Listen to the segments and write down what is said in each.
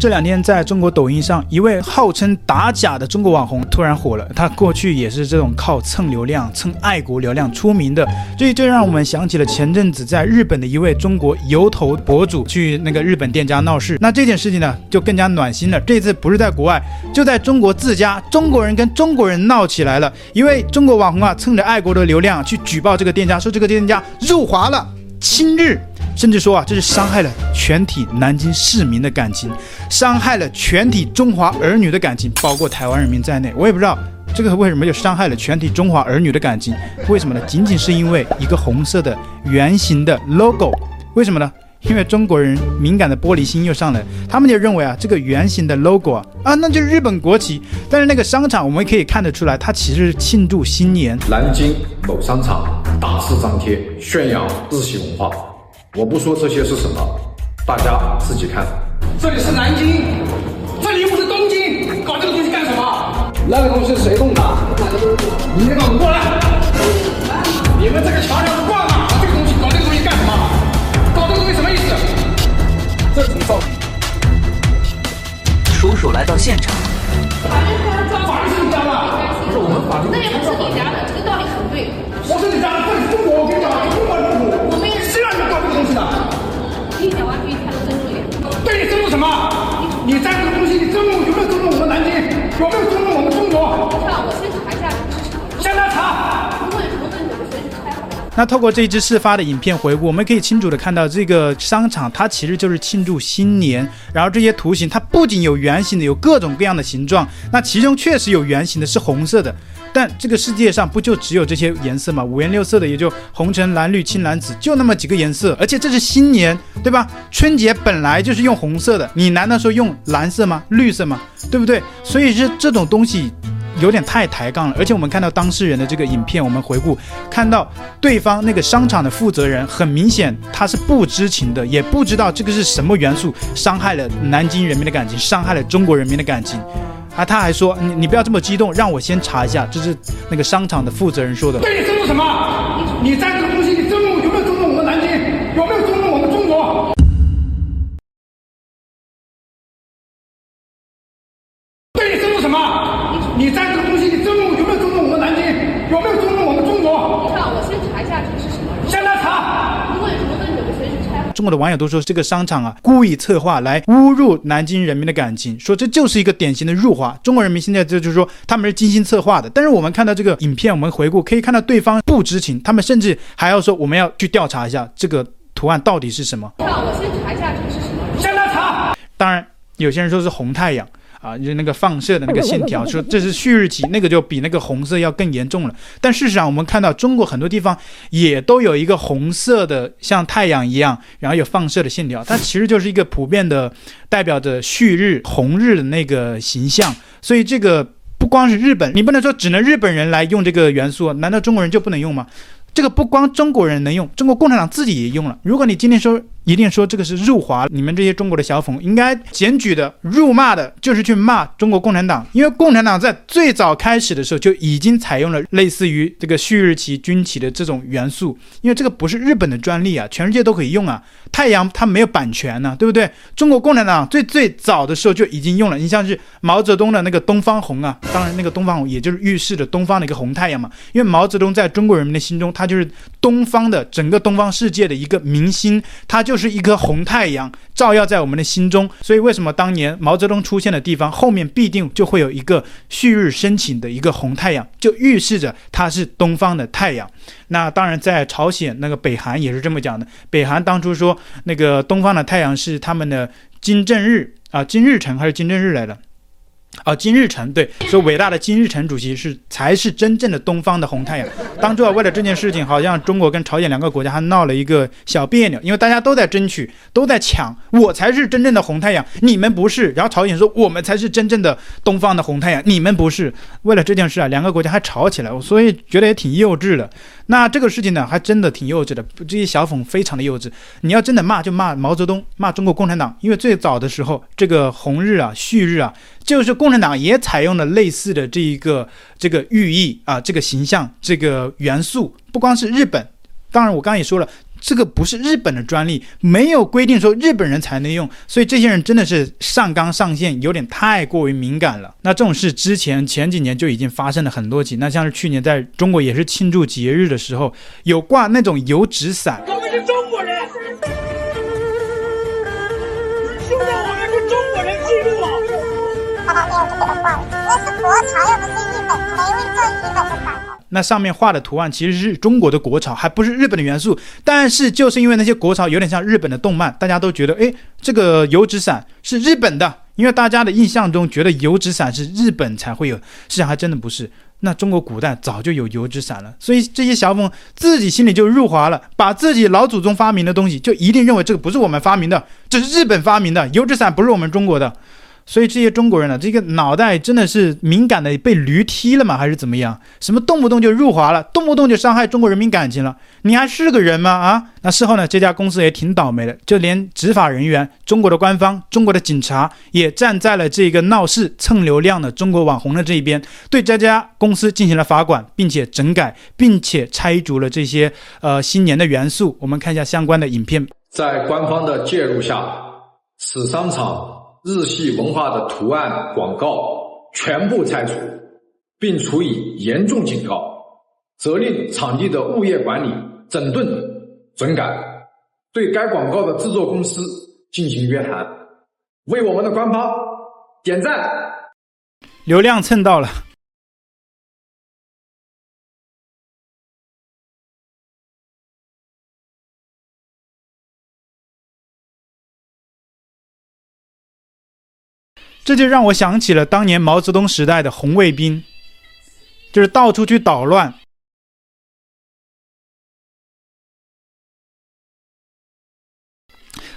這兩天，在中國抖音上，一位號稱打假的中國網紅突然火了。他過去也是這種靠蹭流量、蹭愛國流量出名的，所以這讓我們想起了前陣子在日本的一位中國油頭博主去那個日本店家鬧事。那這件事情呢，就更加暖心了。這次不是在國外，就在中國自家，中國人跟中國人鬧起來了。一位中國網紅啊，蹭着愛國的流量去舉報這個店家，說這個店家辱華了親日。甚至說啊，這是傷害了全體南京市民的感情，傷害了全體中華兒女的感情，包括台灣人民在內。我也不知道這個為什麼就傷害了全體中華兒女的感情，為什麼呢？僅僅是因為一個紅色的圓形的 logo，為什麼呢？因為中國人敏感的玻璃心又上來了，他們就認為啊，這個圓形的 logo 啊，啊，那就是日本國旗。但是那個商場，我們可以看得出來，它其實是慶祝新年。南京某商場大肆張貼，炫耀日系文化。我不說這些是什麼，大家自己看。這裡是南京，這裡又不是東京，搞這個東西幹什麼？那個東西誰弄的？個東西你先告訴我過來！你們這個牆上掛嘛？搞這個東西，搞這個東西幹什麼？搞這個東西什麼意思？這是什麼造型？叔叔來到現場。還是法律是你家的不是、啊、我，我們法律的，那也不是你家的，這個道理很對。我是你家的，這裡是中國，我跟你講，不管領麼。你你在這個東西，你尊重，有沒有尊重我們南京？有沒有尊重我們中國？那我先查一下，向他查。那透過這一支事發的影片回顧，我們可以清楚的看到，這個商場它其實就是慶祝新年。然後這些圖形，它不僅有圓形的，有各種各樣的形狀。那其中確實有圓形的，是紅色的。但這個世界上不就只有這些顏色嗎？五顏六色的也就紅、橙、藍、綠、青、藍、紫，就那麼幾個顏色。而且這是新年，對吧？春節本來就是用紅色的，你難道說用藍色嗎？綠色嗎？對不對？所以是這種東西，有點太抬槓了。而且我們看到當事人的這個影片，我們回顧看到對方那個商場的負責人，很明顯他是不知情的，也不知道這個是什麼元素，傷害了南京人民的感情，傷害了中國人民的感情。啊，他還說，你，你不要這麼激動，讓我先查一下，這是那個商場的負責人說的。對，你尊重什麼？你，你在這個東西，你尊重，有沒有尊重我們南京？有沒有尊重？有中國的網友都說這個商場啊，故意策劃來侮辱南京人民的感情，說這就是一個典型的辱華。中國人民現在這就，就是說他們是精心策劃的，但是我們看到這個影片，我們回顧可以看到對方不知情，他們甚至還要說我們要去調查一下這個圖案到底是什麼。現在查，下是什麼下當然，有些人說是紅太陽。啊，就是、那個放射的那個線條，說這是旭日旗，那個就比那個紅色要更嚴重了。但事實上，我們看到中國很多地方也都有一個紅色的像太陽一樣，然後有放射的線條，它其實就是一個普遍的代表着旭日紅日的那個形象。所以這個不光是日本，你不能說只能日本人來用這個元素，難道中國人就不能用嗎？這個不光中國人能用，中國共產黨自己也用了。如果你今天說。一定說這個是辱華，你們這些中國的小粉應該檢舉的、辱罵的，就是去罵中國共產黨，因為共產黨在最早開始的時候就已經採用了類似於這個旭日旗、軍旗的這種元素，因為這個不是日本的專利啊，全世界都可以用啊。太陽它沒有版權呢、啊，對不對？中國共產黨最最早的時候就已經用了，你像是毛澤東的那個東方紅啊，當然那個東方紅也就是預示着東方的一個紅太陽嘛，因為毛澤東在中國人民的心中，他就是東方的、整個東方世界的一個明星，他就是。就是一顆紅太陽照耀在我們的心中，所以為什麼當年毛澤東出現的地方，後面必定就會有一個旭日升起的一個紅太陽，就預示着它是東方的太陽。那當然，在朝鮮那個北韓也是這麼講的，北韓當初說那個東方的太陽是他們的金正日啊，金日成還是金正日來的。哦，金日成，對，所以偉大的金日成主席是才是真正的東方的紅太陽。當初啊，為了這件事情，好像中國跟朝鮮兩個國家還鬧了一個小彆扭，因為大家都在爭取，都在搶，我才是真正的紅太陽，你們不是。然後朝鮮說我們才是真正的東方的紅太陽，你們不是。為了這件事啊，兩個國家還吵起來，所以覺得也挺幼稚的。那這個事情呢，還真的挺幼稚的，這些小粉非常的幼稚。你要真的罵，就罵毛澤東，罵中國共產黨，因為最早的時候，這個紅日啊，旭日啊。就是共產黨也採用了類似的這一個這個寓意啊、呃，這個形象這個元素，不光是日本。當然，我剛剛也說了，這個不是日本的專利，沒有規定說日本人才能用。所以這些人真的是上綱上線，有點太過於敏感了。那這種事之前前幾年就已經發生了很多起，那像是去年在中國也是慶祝節日的時候，有掛那種油紙傘，我們是中國人，現在我們是中國人，記住了那是國潮，不是日本。日本的那上面畫的圖案其實是中國的國潮，還不是日本的元素。但是就是因為那些國潮有點像日本的動漫，大家都覺得，誒，這個油紙傘是日本的，因為大家的印象中覺得油紙傘是日本才會有。實際上還真的不是，那中國古代早就有油紙傘了。所以這些小粉自己心裡就入華了，把自己老祖宗發明的東西，就一定認為這個不是我們發明的，這是日本發明的。油紙傘不是我們中國的。所以這些中國人呢，這個腦袋真的是敏感的，被驢踢了嗎？還是怎麼樣？什麼動不動就辱華了，動不動就傷害中國人民感情了？你還是個人嗎？啊？那事後呢，這家公司也挺倒霉的，就連執法人員、中國的官方、中國的警察也站在了這個鬧事蹭流量的中國網紅的這一邊，對這家公司進行了罰款，並且整改，並且拆除了這些呃新年的元素。我們看一下相關的影片，在官方的介入下，此商場。日系文化的圖案廣告全部拆除，並處以嚴重警告，責令場地的物業管理整頓整改，對該廣告的制作公司進行約談，為我們的官方點讚。流量蹭到了。這就讓我想起了當年毛澤東時代的紅衛兵，就是到處去搗亂。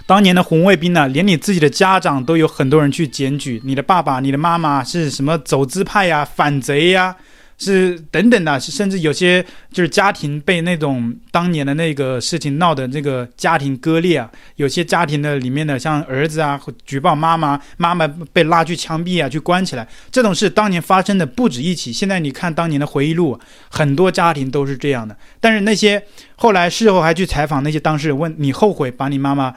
當年的紅衛兵呢，連你自己的家長都有很多人去檢舉你的爸爸、你的媽媽是什麼走資派呀、啊、反賊呀、啊。是等等的，甚至有些就是家庭被那種當年的那個事情鬧得這個家庭割裂啊，有些家庭的裡面的像兒子啊舉報媽媽，媽媽被拉去槍斃啊，去關起來，這種事當年發生的不止一起。現在你看當年的回憶錄，很多家庭都是這樣的。但是那些後來事後還去採訪那些當事人，問你後悔把你媽媽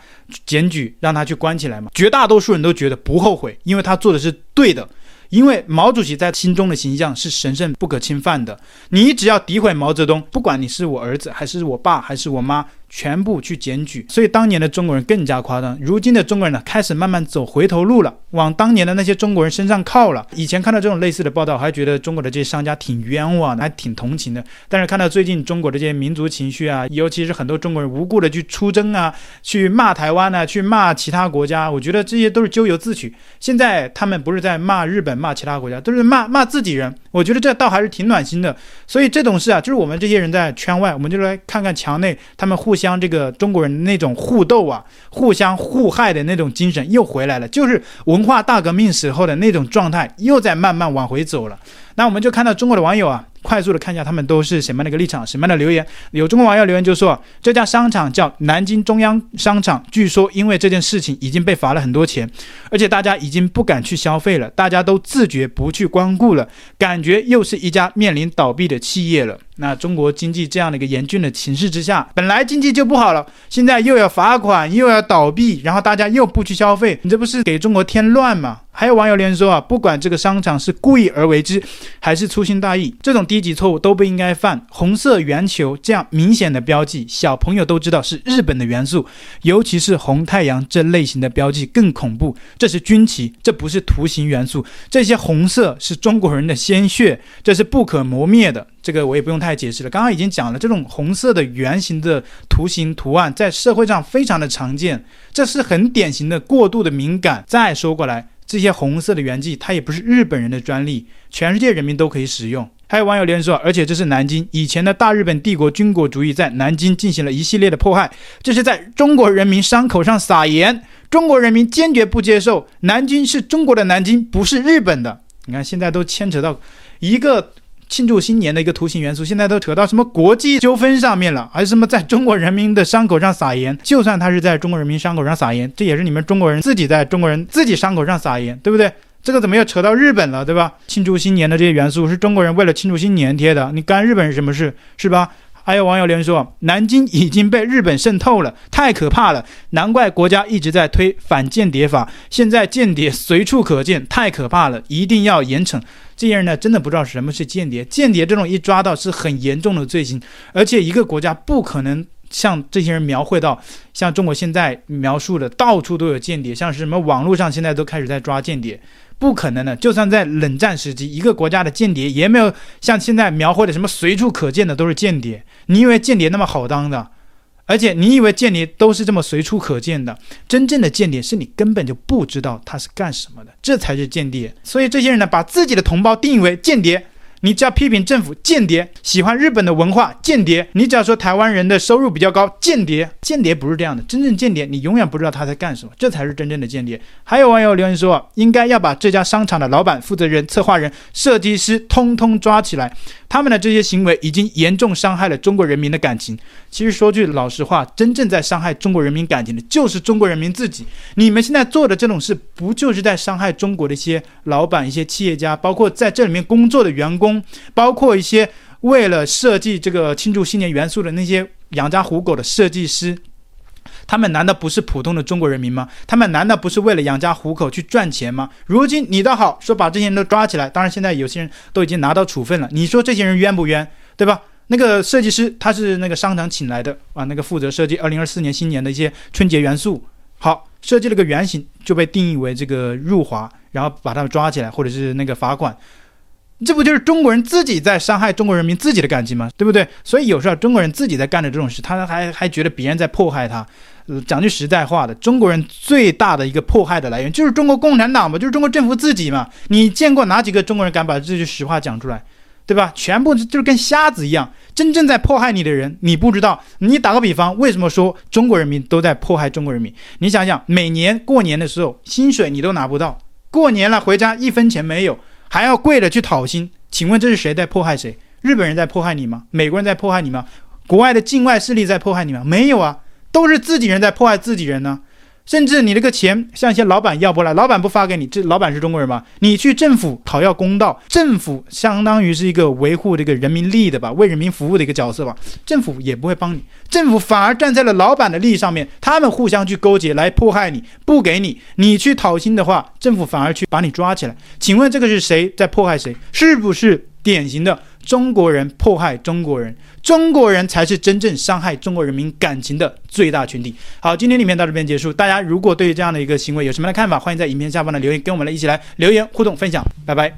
檢舉讓她去關起來嗎？絕大多數人都覺得不後悔，因為他做的是對的。因為毛主席在心中的形象是神聖不可侵犯的，你只要詆毀毛澤東，不管你是我兒子還是我爸還是我媽。全部去檢舉，所以當年的中國人更加誇張。如今的中國人呢，開始慢慢走回頭路了，往當年的那些中國人身上靠了。以前看到這種類似的報道，還覺得中國的這些商家挺冤枉的，還挺同情的。但是看到最近中國的這些民族情緒啊，尤其是很多中國人無故的去出征啊，去罵台灣呢、啊，去罵其他國家，我覺得這些都是咎由自取。現在他們不是在罵日本、罵其他國家，都是罵罵自己人。我覺得這倒還是挺暖心的。所以這種事啊，就是我們這些人在圈外，我們就來看看牆內他們互。像這個中國人那種互鬥啊、互相互害的那種精神又回來了，就是文化大革命時候的那種狀態又在慢慢往回走了。那我們就看到中國的網友啊。快速的看一下他們都是什麼樣的一個立場，什麼樣的留言？有中國網友留言就說，這家商場叫南京中央商場，據說因為這件事情已經被罰了很多錢，而且大家已經不敢去消費了，大家都自覺不去光顧了，感覺又是一家面臨倒閉的企業了。那中國經濟這樣的一個嚴峻的情勢之下，本來經濟就不好了，現在又要罰款，又要倒閉，然後大家又不去消費，你這不是給中國添亂嗎？還有網友留言說啊，不管這個商場是故意而為之，還是粗心大意，這種低級錯誤都不應該犯。紅色圓球這樣明顯的標記，小朋友都知道是日本的元素，尤其是紅太陽這類型的標記更恐怖。這是軍旗，這不是圖形元素。這些紅色是中國人的鮮血，這是不可磨滅的。這個我也不用太解釋了，剛剛已經講了，這種紅色的圓形的圖形圖案在社會上非常的常見，這是很典型的過度的敏感。再說過來。這些紅色的原劑，它也不是日本人的專利，全世界人民都可以使用。還有網友留言說，而且這是南京以前的大日本帝國軍國主義在南京進行了一系列的迫害，這是在中國人民傷口上撒鹽。中國人民堅決不接受，南京是中國的南京，不是日本的。你看，現在都牽扯到一個。慶祝新年的一個圖形元素，現在都扯到什麼國際糾紛上面了，還是什麼在中國人民的傷口上撒鹽？就算他是在中國人民傷口上撒鹽，這也是你們中國人自己在中國人自己傷口上撒鹽，對不對？這個怎麼又扯到日本了，對吧？慶祝新年的這些元素是中國人為了慶祝新年貼的，你干日本人什麼事，是吧？還有網友留言說，南京已經被日本滲透了，太可怕了！難怪國家一直在推反間諜法，現在間諜隨處可見，太可怕了，一定要嚴懲這些人呢！真的不知道什麼是間諜，間諜這種一抓到是很嚴重的罪行，而且一個國家不可能像這些人描繪到，像中國現在描述的到處都有間諜，像是什麼網絡上現在都開始在抓間諜。不可能的，就算在冷戰時期，一個國家的間諜也沒有像現在描繪的什麼隨處可見的都是間諜。你以為間諜那麼好當的？而且你以為間諜都是這麼隨處可見的？真正的間諜是你根本就不知道他是幹什麼的，這才是間諜。所以這些人呢，把自己的同胞定義為間諜。你只要批評政府間諜，喜歡日本的文化間諜；你只要說台灣人的收入比較高，間諜間諜不是這樣的，真正間諜你永遠不知道他在幹什麼，這才是真正的間諜。還有網友留言說，應該要把這家商場的老板、負責人、策劃人、設計師通通抓起來，他們的這些行為已經嚴重傷害了中國人民的感情。其實說句老實話，真正在傷害中國人民感情的就是中國人民自己。你們現在做的這種事，不就是在傷害中國的一些老板、一些企業家，包括在這裡面工作的員工？包括一些為了設計這個慶祝新年元素的那些養家糊口的設計師，他們難道不是普通的中國人民嗎？他們難道不是為了養家糊口去賺錢嗎？如今你倒好，說把這些人都抓起來，當然現在有些人都已經拿到處分了。你說這些人冤不冤，對吧？那個設計師他是那個商場請來的啊，那個負責設計二零二四年新年的一些春節元素，好設計了個圓形就被定義為這個辱華，然後把他們抓起來或者是那個罰款。這不就是中國人自己在傷害中國人民自己的感情嗎？對不對？所以有時候中國人自己在幹的這種事，他還還覺得別人在迫害他。呃，講句實在話的，中國人最大的一個迫害的來源就是中國共產黨嘛，就是中國政府自己嘛。你見過哪幾個中國人敢把這句實話講出來？對吧？全部就是跟瞎子一樣。真正在迫害你的人，你不知道。你打個比方，為什麼說中國人民都在迫害中國人民？你想想，每年過年的時候，薪水你都拿不到，過年了回家一分錢沒有。還要跪着去討薪？請問這是誰在迫害誰？日本人在迫害你嗎？美國人在迫害你嗎？國外的境外勢力在迫害你嗎？沒有啊，都是自己人在迫害自己人呢、啊。甚至你這個錢向一些老板要不來，老板不發給你，這老板是中國人嗎？你去政府討要公道，政府相當於是一個維護這個人民利益的吧，為人民服務的一個角色吧，政府也不會幫你，政府反而站在了老板的利益上面，他們互相去勾結來迫害你，不給你，你去討薪的話，政府反而去把你抓起來，請問這個是誰在迫害誰？是不是？典型的中國人迫害中國人，中國人才是真正傷害中國人民感情的最大群體。好，今天影片到這邊結束。大家如果對於這樣的一個行為有什麼樣的看法，歡迎在影片下方的留言跟我們來一起來留言互動分享。拜拜。